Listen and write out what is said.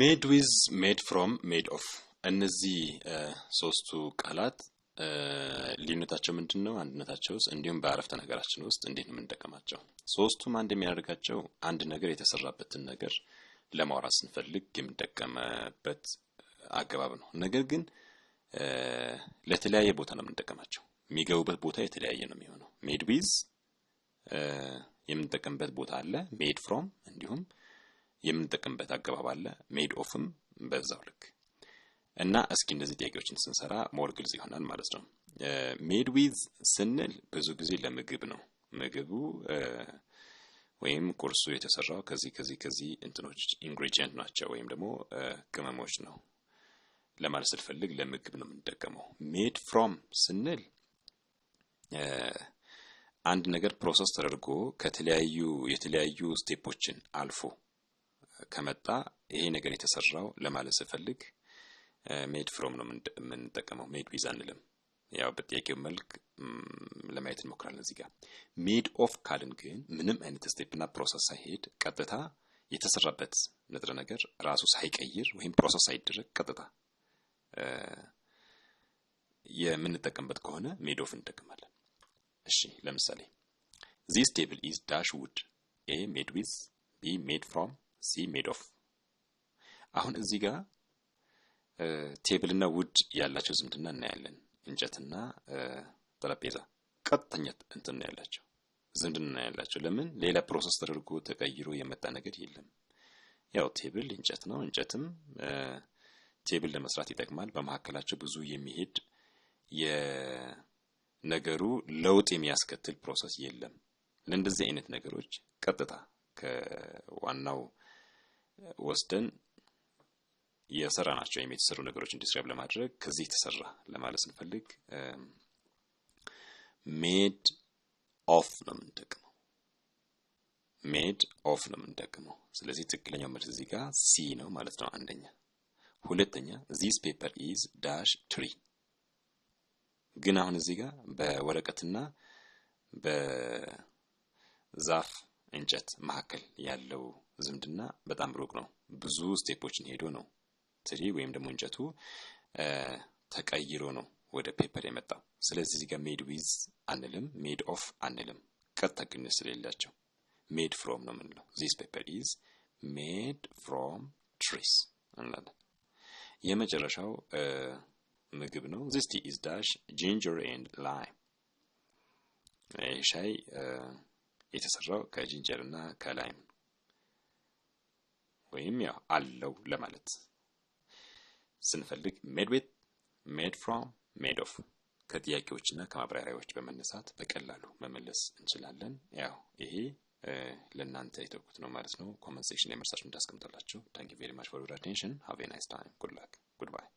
ሜድ ዊዝ፣ ሜድ ፍሮም፣ ሜድ ኦፍ እነዚህ ሶስቱ ቃላት ልዩነታቸው ምንድን ነው? እንዲሁም በአረፍተ ነገራችን ውስጥ እንዴት ነው የምንጠቀማቸው? ሶስቱም አንድ የሚያደርጋቸው አንድ ነገር የተሰራበትን ነገር ለማውራት ስንፈልግ የምንጠቀምበት አገባብ ነው። ነገር ግን ለተለያየ ቦታ ነው የምንጠቀማቸው። የሚገቡበት ቦታ የተለያየ ነው የሚሆነው። ሜድ ዊዝ የምንጠቀምበት ቦታ አለ። ሜድ ፍሮም እንዲሁም የምንጠቀምበት አገባብ አለ። ሜድ ኦፍም በዛው ልክ እና እስኪ እነዚህ ጥያቄዎችን ስንሰራ ሞር ግልጽ ይሆናል ማለት ነው። ሜድ ዊዝ ስንል ብዙ ጊዜ ለምግብ ነው። ምግቡ ወይም ቁርሱ የተሰራው ከዚህ ከዚህ ከዚህ እንትኖች ኢንግሪዲየንት ናቸው ወይም ደግሞ ቅመሞች ነው ለማለት ስትፈልግ ለምግብ ነው የምንጠቀመው። ሜድ ፍሮም ስንል አንድ ነገር ፕሮሰስ ተደርጎ ከተለያዩ የተለያዩ ስቴፖችን አልፎ ከመጣ ይሄ ነገር የተሰራው ለማለት ስፈልግ ሜድ ፍሮም ነው የምንጠቀመው። ሜድ ዊዝ አንልም። ያው በጥያቄው መልክ ለማየት እንሞክራለን። እዚህ ጋር ሜድ ኦፍ ካልን ግን ምንም አይነት ስቴፕና ፕሮሰስ ሳይሄድ ቀጥታ የተሰራበት ንጥረ ነገር ራሱ ሳይቀይር ወይም ፕሮሰስ ሳይደረግ ቀጥታ የምንጠቀምበት ከሆነ ሜድ ኦፍ እንጠቀማለን። እሺ ለምሳሌ ዚስ ቴብል ኢዝ ዳሽ ውድ ኤ ሜድ ዊዝ ቢ ሜድ ፍሮም ሲ ሜድ ኦፍ አሁን እዚህ ጋር ቴብልና ውድ ያላቸው ዝምድና እናያለን። እንጨትና ጠረጴዛ ቀጥተኛ እንትን ነው ያላቸው ዝምድና ያላቸው። ለምን ሌላ ፕሮሰስ ተደርጎ ተቀይሮ የመጣ ነገር የለም። ያው ቴብል እንጨት ነው፣ እንጨትም ቴብል ለመስራት ይጠቅማል። በመካከላቸው ብዙ የሚሄድ የነገሩ ለውጥ የሚያስከትል ፕሮሰስ የለም። ለእንደዚህ አይነት ነገሮች ቀጥታ ከዋናው ወስደን የሰራ ናቸው ወይም የተሰሩ ነገሮችን ዲስክራይብ ለማድረግ ከዚህ ተሰራ ለማለት ስንፈልግ ሜድ ኦፍ ነው የምንጠቅመው። ሜድ ኦፍ ነው የምንጠቅመው። ስለዚህ ትክክለኛው መልስ እዚህ ጋር ሲ ነው ማለት ነው። አንደኛ። ሁለተኛ ዚስ ፔፐር ኢዝ ዳሽ ትሪ። ግን አሁን እዚህ ጋር በወረቀትና በዛፍ እንጨት መካከል ያለው ዝምድና በጣም ሩቅ ነው። ብዙ ስቴፖችን ሄዶ ነው ትሪ ወይም ደግሞ እንጨቱ ተቀይሮ ነው ወደ ፔፐር የመጣው። ስለዚህ እዚህ ጋር ሜድ ዊዝ አንልም፣ ሜድ ኦፍ አንልም። ቀጥታ ግንኙነት ስለሌላቸው ሜድ ፍሮም ነው የምንለው። ዚስ ፔፐር ኢዝ ሜድ ፍሮም ትሪስ እንላለን። የመጨረሻው ምግብ ነው። ዚስ ቲ ኢዝ ዳሽ ጂንጀር ኤንድ ላይም። ይህ ሻይ የተሰራው ከጂንጀር እና ከላይም ወይም ያው አለው ለማለት ስንፈልግ ሜድ ዊት፣ ሜድ ፍሮም፣ ሜድ ኦፍ ከጥያቄዎችና ከማብራሪያዎች በመነሳት በቀላሉ መመለስ እንችላለን። ያው ይሄ ለእናንተ የተውኩት ነው ማለት ነው። ኮመንት ሴክሽን ላይ መርሳችሁ እንዳስቀምጣላችሁ። ታንክ ዩ ቬሪ ማች ፎር ዩር አቴንሽን ሃቭ ኤ ናይስ ታይም። ጉድ ላክ። ጉድ ባይ